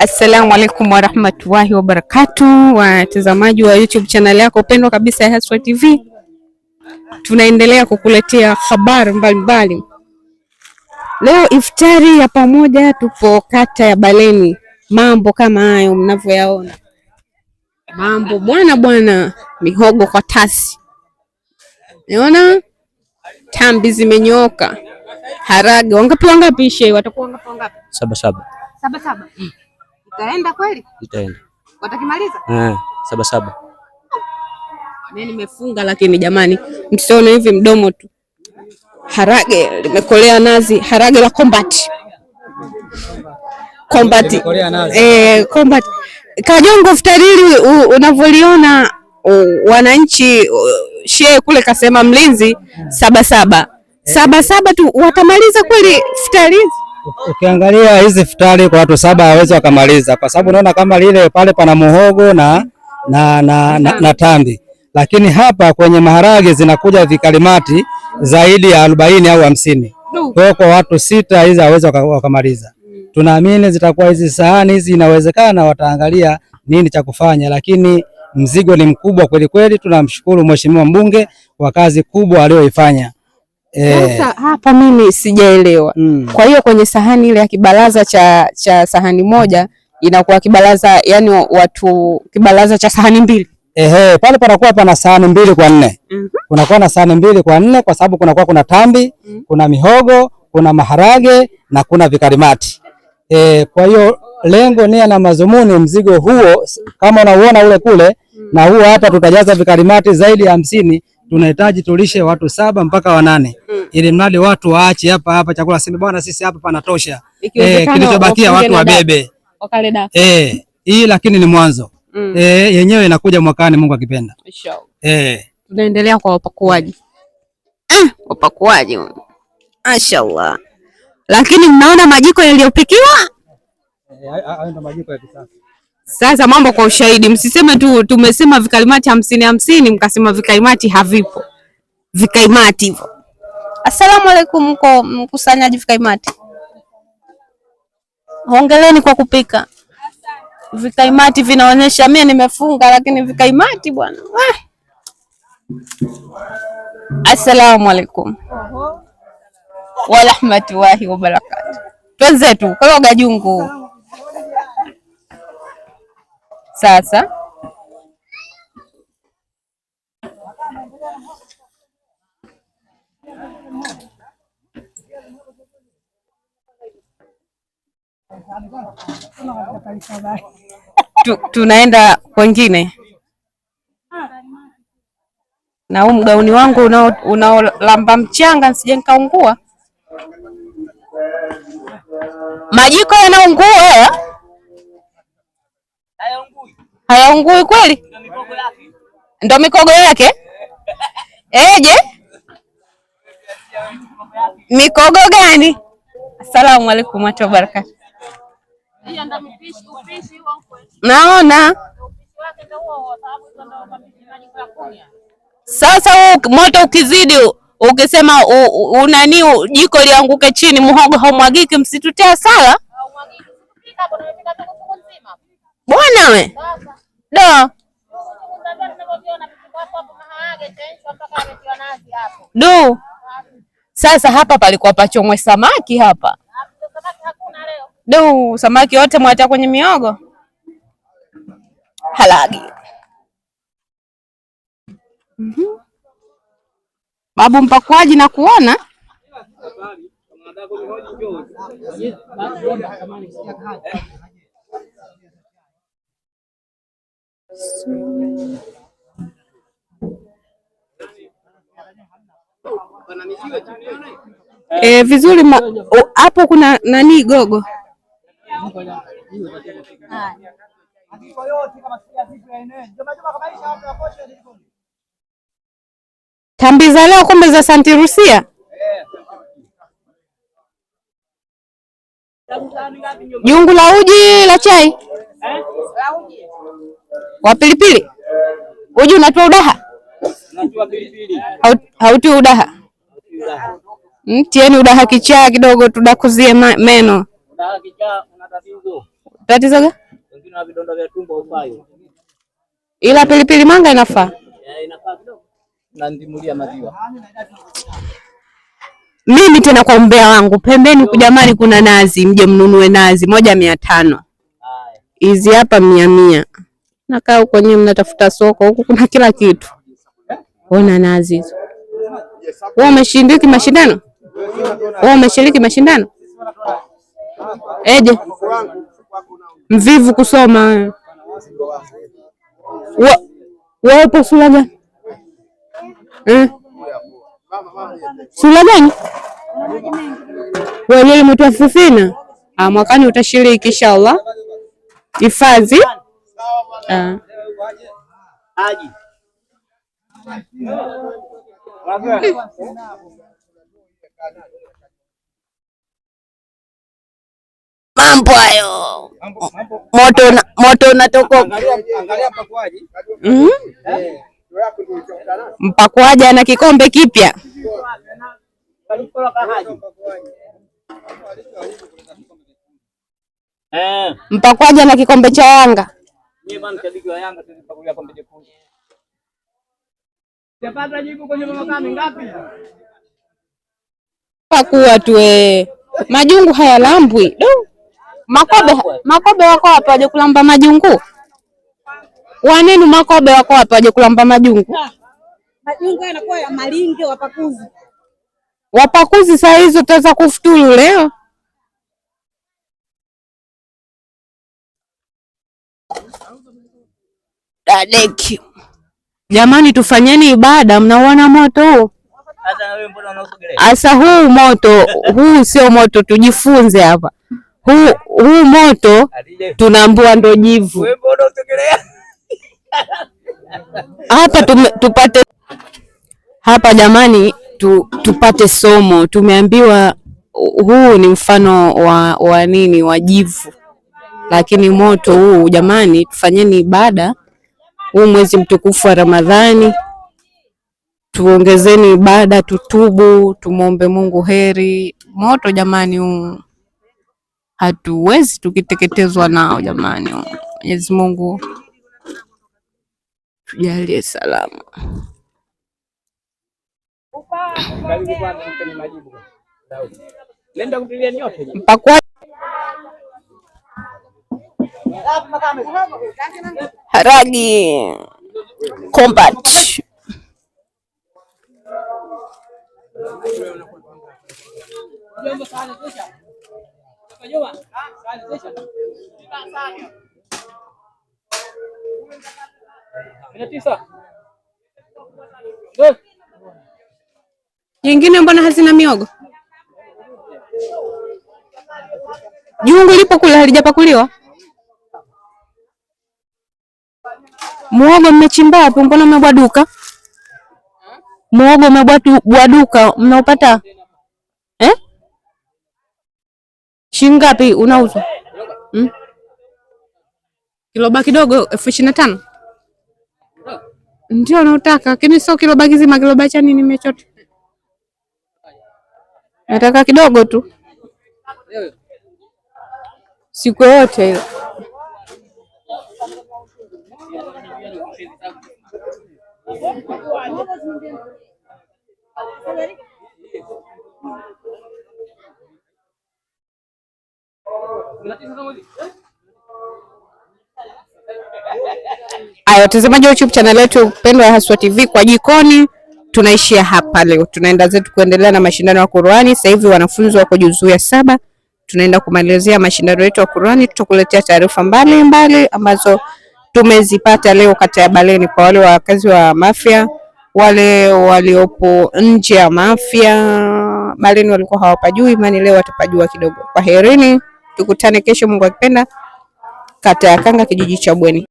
Assalamu alaikum warahmatullahi wabarakatu watazamaji wa YouTube channel yako pendwa kabisa ya Haswa TV, tunaendelea kukuletea habari mbalimbali. Leo iftari ya pamoja, tupo kata ya Baleni. Mambo kama hayo mnavyoyaona, mambo bwana bwana, mihogo kwa tasi, naona tambi zimenyoka harage wangapi wangapi, ishe watakuwa wangapi wangapi? saba saba saba saba utaenda kweli? Nitaenda. Watakimaliza? Eh, saba saba. Mimi nimefunga lakini jamani, msione hivi mdomo tu. Harage limekolea nazi, harage la combat. Combat. Eh, combat. Kajongo ftarili unavyoliona wananchi shee kule kasema mlinzi saba saba. Saba saba tu watamaliza kweli Futari? Ukiangalia hizi futari kwa watu saba hawezi wakamaliza, kwa sababu unaona kama lile pale pana muhogo na, na, na, na, na tambi, lakini hapa kwenye maharage zinakuja vikalimati zaidi ya arobaini au hamsini. Kwa hiyo kwa watu sita hizi hawezi wakamaliza. Tunaamini zitakuwa hizi sahani hizi, inawezekana wataangalia nini cha kufanya, lakini mzigo ni mkubwa kweli kweli. Tunamshukuru mheshimiwa mbunge kwa kazi kubwa aliyoifanya. Sasa eh. hapa mimi sijaelewa. Mm. Kwa hiyo kwenye sahani ile ya kibaraza cha, cha sahani moja inakuwa kibaraza yani watu kibaraza cha sahani mbili. Ehe, pale panakuwa pana sahani mbili kwa nne. Mm -hmm. Kunakuwa na sahani mbili kwa nne kwa sababu kunakuwa kuna tambi, mm -hmm. kuna mihogo, kuna maharage na kuna vikarimati. E, kwa hiyo lengo, nia na mazumuni mzigo huo kama unauona ule kule, mm -hmm. na huo hapa tutajaza vikarimati zaidi ya hamsini tunahitaji tulishe watu saba mpaka wanane mm. ili mradi watu waache hapa hapa chakula sisi bwana sisi hapa panatosha eh, kilichobakia watu wabebe eh, hii lakini ni mwanzo mm. eh, yenyewe inakuja mwakani Mungu akipenda eh. Tunaendelea kwa wapakuaji eh, wapakuaji Mashaallah. Lakini mnaona majiko yaliyopikiwa eh, hayo ndo majiko ya kisasa sasa mambo kwa ushahidi, msiseme tu tumesema vikalimati hamsini hamsini, mkasema vikalimati havipo vikaimati hivyo. Asalamu alaikum kwa mkusanyaji vikaimati, hongereni kwa kupika vikaimati. Vinaonyesha mimi nimefunga, lakini vikaimati bwana. Asalamu ah. alaikum warahmatullahi wabarakatu, twenzetu koroga jungu sasa tu, tunaenda kwengine na huu mgauni wangu unaolamba una mchanga nsije nikaungua. Majiko yanaungua hayaungui kweli, ndo mikogo yake eje? mikogo gani? Asalamu alaikum watu wabarakatu. Naona sasa huu moto ukizidi, ukisema unani jiko lianguke chini, muhogo haumwagiki, msitutia sala bwana we do du sasa hapa palikuwa pachomwe samaki hapa du samaki wote mwatia kwenye miogo halagi mm -hmm. Babu mpakuaji na kuona E, vizuri hapo. Kuna nani gogo? tambiza za leo kumbe za Santi Rusia. Jungu la uji la chai eh? wa pilipili. Uji unatoa udaha? Hauti udaha? Mtieni udaha kichaa kidogo, tudakuzie meno. Tatizo gani? Ila pilipili manga inafaa mimi tena kwa umbea wangu pembeni kujamani jamani, kuna nazi, mje mnunue nazi moja mia tano hizi hapa mia mia. Nakaa huko nyewe, mnatafuta soko huko, kuna kila kitu. Ona nazi hizo. Wewe umeshiriki mashindano? Wewe umeshiriki mashindano? Eje, mvivu kusoma wewe. Upo sura gani eh? Sura gani wewe? Mwitwa Fufina. Ah, mwakani utashiriki inshallah hifadhi mambo hayo moto moto unatoka mm? Mpakuaji ana kikombe kipya Eh. Mpakwaja na kikombe cha Yanga. Mimi bwana shabiki wa Yanga tu nipakulia kombe jekundu. Japata jibu kwenye mama ngapi? Pakua tu eh. Majungu haya lambwi. Makobe makobe wako hapa waje kulamba majungu. Wanenu makobe wako hapa waje kulamba majungu. Ah. Majungu yanakuwa ya malinge wapakuzi. Wapakuzi saa hizo tutaweza kufuturu leo. dadeki. Ah, jamani, tufanyeni ibada, mnauona moto huu asa. Huu moto huu sio moto, tujifunze hapa. Huu huu moto tunaambua ndo jivu hapa tume, tupate hapa jamani tu, tupate somo. Tumeambiwa huu ni mfano wa, wa nini wa jivu, lakini moto huu jamani, tufanyeni ibada huu mwezi mtukufu wa Ramadhani. Tuongezeni ibada, tutubu, tumwombe Mungu heri. Moto jamani, huu hatuwezi tukiteketezwa nao jamani. Mwenyezi Mungu tujalie salama. Mpakwa Haragi Combat. Jingine mbona hazina miogo? Jungu lipo kule halijapakuliwa? Muogo mmechimba hapo, mbona mmebwaduka? Muogo duka mnaupata eh? Shingapi unauzwa hmm? Kiloba kidogo elfu ishirini na tano ndio nautaka, lakini sio kiloba kizima. Kiloba cha nini nimechota? Nataka kidogo tu siku yoyote hiyo. Aya, watazamaji wa YouTube channel yetu pendwa ya Haswa TV kwa jikoni, tunaishia hapa leo. Tunaenda zetu kuendelea na mashindano ya Qur'ani. Sasa hivi wanafunzi wako juzuu ya saba, tunaenda kumalizia mashindano yetu ya Qur'ani. Tutakuletea taarifa mbalimbali ambazo tumezipata leo kata ya Baleni kwa wale wakazi wa Mafia, wale waliopo nje ya Mafia. Baleni walikuwa hawapajui, imani leo watapajua kidogo. Kwaherini, tukutane kesho, Mungu akipenda, kata ya Kanga, kijiji cha Bweni.